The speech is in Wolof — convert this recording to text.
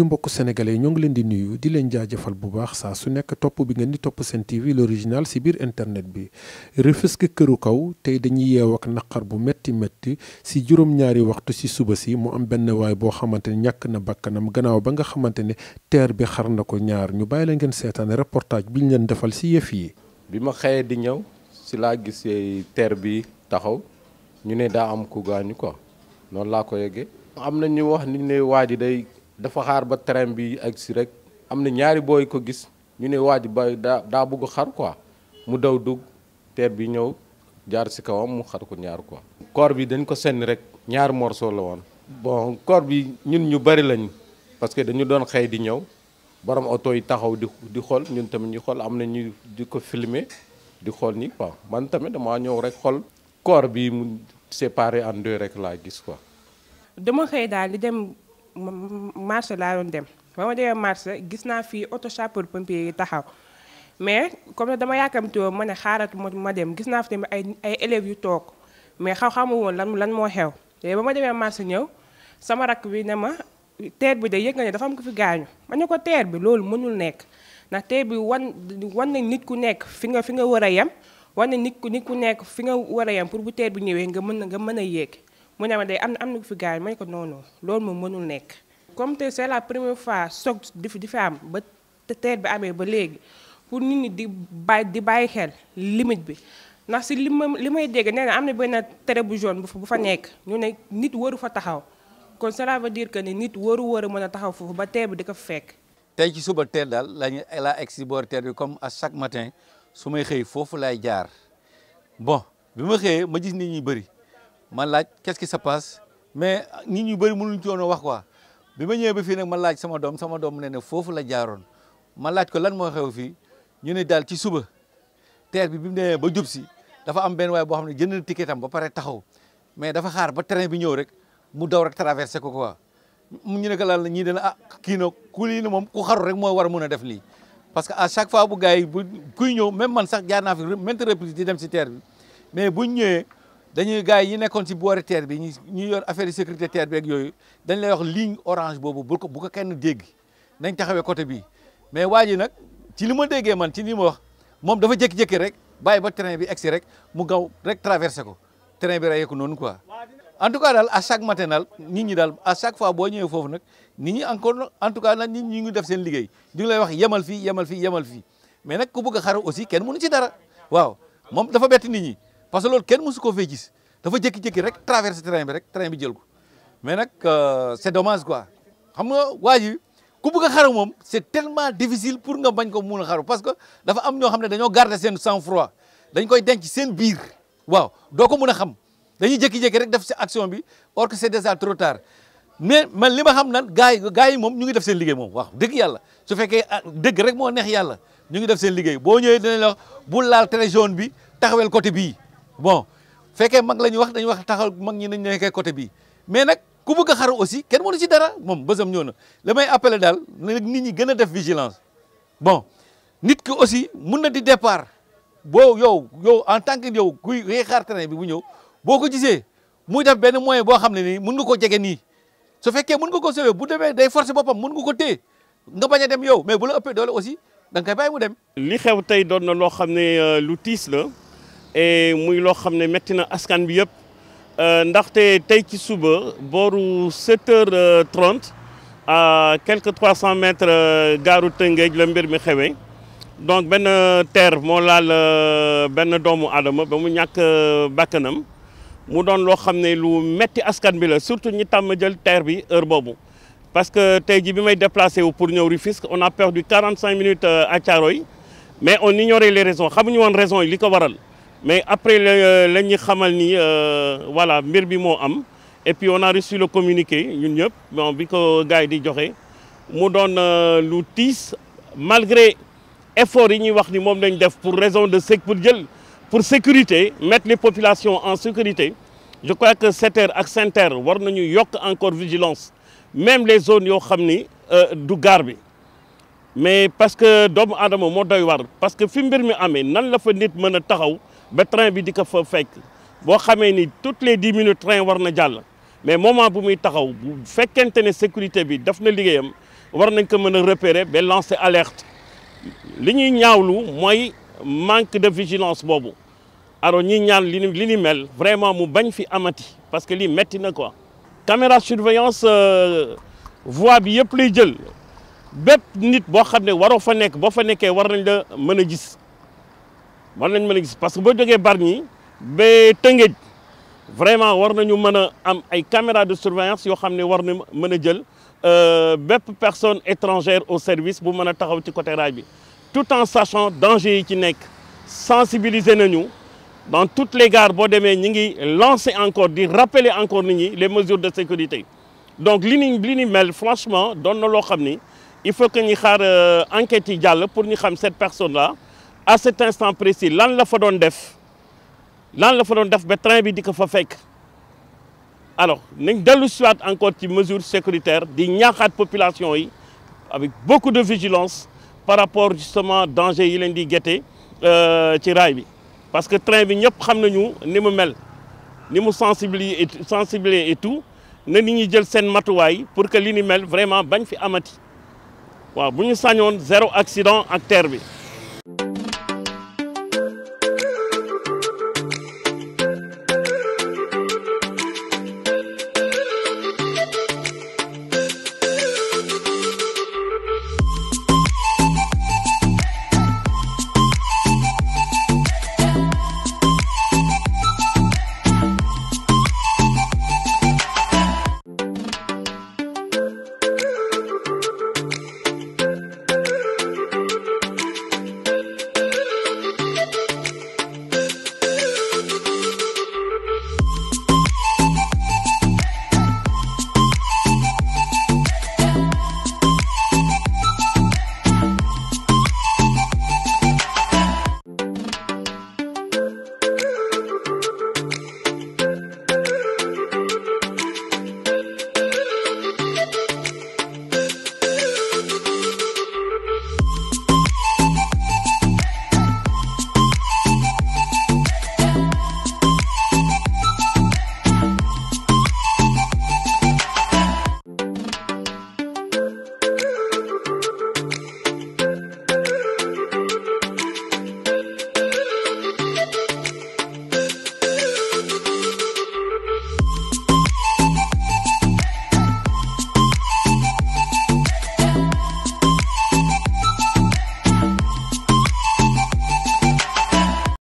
suñu mbokk sénégalais ñoo ngi leen di nuyu di leen jaajëfal bu baax saa su nekk topp bi ngeen di topp seen TV l'original si biir internet bi Rufisque këru kaw tey dañuy yeew ak naqar bu metti metti si juróom-ñaari waxtu si suba si mu am benn waay boo xamante ne ñàkk na bakkanam gannaaw ba nga xamante ne teer bi xar na ko ñaar ñu bàyyi la ngeen reportage bi leen defal si yëf yi. bi ma di ñëw si laa gisee teer bi taxaw ñu ne daa am ku gaañu quoi noonu laa ko yeggee. am na ñu wax ni ne waa day. dafa xaar ba train bi ak si rek am na ñaari booy ko gis ñu ne waa ji ba daa daa bëgg xar koi mu daw dugg teer bi ñëw jaar si kawam mu xar ko ñaar quoi. corps bi dañ ko senn rek ñaar morceau la woon. bon corps bi ñun ñu bari lañ parce que dañu doon xëy di ñëw borom oto yi taxaw di di xool ñun tamit ñu xool am na ñu di ko filmer di xool nii quoi man tamit damaa ñëw rek xool. corps bi mu séparé en deux rek laa gis quoi. dama xëy daal di dem. marché laa doon dem ba ma demee marché gis naa fii oto sapeur pompier yi taxaw mais comme dama yaakamti woon ma ne xaarat ma dem gis naa fi tamit ay ay élèves yu toog mais xaw xamu lan lan moo xew te ba ma demee marché ñëw sama rakk bi ne ma teer bi de yëg nga ne dafa am ko fi gaañu ma ne ko teer bi loolu mënul nekk ndax teer bi wan wan nañ nit ku nekk fi nga fi nga war a yem wan ne nit ku nit ku nekk fi nga war a yam pour bu teer bi ñëwee nga mën na nga mën a yéeg mu ne ma day am na am na fi gaañ ma ko noonu loolu moom mënul nekk. comme te c'est la première fois soog di fi di fi am ba te teer bi amee ba léegi pour nit ñi di bàyyi di bàyyi xel limite bi ndax si li ma li may dégg nee na am na benn tere bu jaune bu fa nekk ñu ne nit waru fa taxaw kon cela veut dire que ni nit waru war a mën a taxaw foofu ba teer bi di ko fekk. tey ci suba teel daal laa egg si boor teer bi comme à chaque matin su may xëy foofu laay jaar bon bi ma xëyee gis nit ñi bëri. ma laaj qu'est-ce qui passe mais nit ñu bëri mënuñu ci woon wax quoi bi ma ñëwee ba fii nag ma laaj sama doom sama doom ne ne foofu la jaaroon ma laaj ko lan moo xew fii ñu ne daal ci suba teer bi bi mu demee ba jub si dafa am benn waay boo xam ne jënd na ticket ba pare taxaw mais dafa xaar ba train bi ñëw rek mu daw rek traversé ko mu ñu ne ko lan la ñii dana ah kii na ku lii ne moom ku xaru rek moo war a mun a def lii parce que à chaque fois bu gars yi bu kuy ñëw même man sax jaar fi maintes reprises di dem si teer bi mais buñ ñëwee dañuy gars yi ñu nekkoon ci boori terre bi ñu ñu yor affaire yi sécurité terre bi ak yooyu dañ lay wax ligne orange boobu bu ko bu ko kenn dégg nañ taxawee côté bii mais waa ji nag ci li ma déggee man ci li ma wax moom dafa jékki-jékki rek bàyyi ba train bi egsi rek mu gaw rek traversé ko train bi rayee ko noonu quoi. en tout cas daal à chaque matinal nit ñi daal à chaque fois boo ñëwee foofu nag nit ñi encore en tout cas nag nit ñi ngi def seen liggéey ñu lay wax yemal fii yemal fii yemal fii mais nag ku bëgg a aussi kenn mënu ci dara waaw moom dafa bett nit ñi. parce que loolu kenn mësu ko fee gis dafa jékki-jékki rek traversé terrain bi rek terrain bi jël ko mais nag euh, c'est dommage quoi xam nga waa ji ku bëgg a xaru moom c'est tellement difficile pour nga bañ ko mun a xaru parce que dafa am ñoo xam ne dañoo garder seen sang-froid dañ koy denc seen biir waaw doo ko mën a xam dañuy jékki-jékki rek def si action bi or que c'est déjà trop tard mais man li ma xam nan gars yi gars yi moom ñu ngi def seen liggéey moom waaw dëgg yàlla su fekkee ah, dëgg rek moo neex yàlla ñu ngi def seen liggéey boo ñëwee dinañ la wax bu laal bi taxawel côté bii bon fekkee mag la ñuy wax dañuy wax taxaw mag ñi nañ nekkee côté bii mais nag ku bëgg a xaru aussi kenn mënu ci dara moom bësam ñëw na la may appelé daal nag nit ñi gën a def vigilance bon nit ki aussi mun na di départ boo yow yow en tant que yow kuy kuy xaar bi bu ñëw boo ko jisee muy def benn moyen boo xam ne nii mun nga ko jege nii su fekkee mun nga ko sauver bu demee day forcer boppam mun nga ko téye nga baña a dem yow mais bu la ëppee doole aussi da nga koy bàyyi mu dem. li tey doon na loo xam ne euh, lu tiis la. et muy loo xam ne métti na askan bi yëpp euh, ndaxte tey ci suba booru 7 heures 30 euh, à quelques 300 mètres euh, gaaru Tëngéej la mbir mi xewee donc benn terre moo laal benn doomu aadama ba mu ñàkk bàkkanam mu doon loo xam ne lu metti askan bi la surtout ñi tàmm jël terre bi heure boobu parce que tey ji bi may déplacé wu pour ñëw Rufisque on a perdu 45 minutes à Thiaroye mais on ignorait les raisons xamuñu woon raisons yi li ko waral mais après la ñu euh, xamal ni euh, voilà mbir bi moo am et puis on a reçu le communiqué ñun ñëpp bon bi ko gars yi di joxe mu donne euh, lu malgré effort yi ñuy wax ni moom lañ def pour raison de sec pour pour sécurité mettre les populations en sécurité je crois que SETER ak SENTER war nañu yokk encore vigilance même les zones yoo xam ni du garbi. mais parce que doomu aadama moo doy war parce que fi mbir mi amee nan la fa nit mën taxaw ba train bi di ko fa fekk bo xamé ni toutes les dix minutes train warna jall mais moment bu muy taxaw bu fekkente ne sécurité bi daf na liggéeyam war nañ ko mën repérer ben lancer alerte li ñuy ñaawlu moy manque de vigilance bobu alors ñi ñaan li li ni mel vraiment mu bañ fi amati parce que li metti na quoi caméra surveillance euh, voix bi yëpp lay jël bép nit bo xamné ne fa nek boo fa nekkee war nañ la mën gis war nañ mën gis parce que boo jógee Bargny bé Tëngéej vraiment war nañu mën am ay caméras de surveillance yo xamné ne war na mën a jël euh, personne étrangère au service bu mëna taxaw ci côté raay bi tout en sachant danger yi ci nekk sensibiliser nañu dans toutes les gares bo démé ñi ngi lancer encore di rappeler encore nit ñi les mesures de sécurité donc li ni li ni mel franchement don na lo xamni il faut que ñi xaar euh, enquête yi pour ñi xam cette personne là à cet instant précis lan la fa doon def lan la fa doon def ba train bi di ko fa fekk alors nañ dellu siwaat encore ci mesures sécuritaires di ñaaxaat population yi avec beaucoup de vigilance par rapport justement danger yi leen di guette euh, ci rail bi parce que train bi ñëpp xam nañu ni mu mel ni mu sensibiliser et tout na nit ñi jël seen matuwaay pour que li mel vraiment bañ fi amati waaw bu ñu zéro accident ak terre bi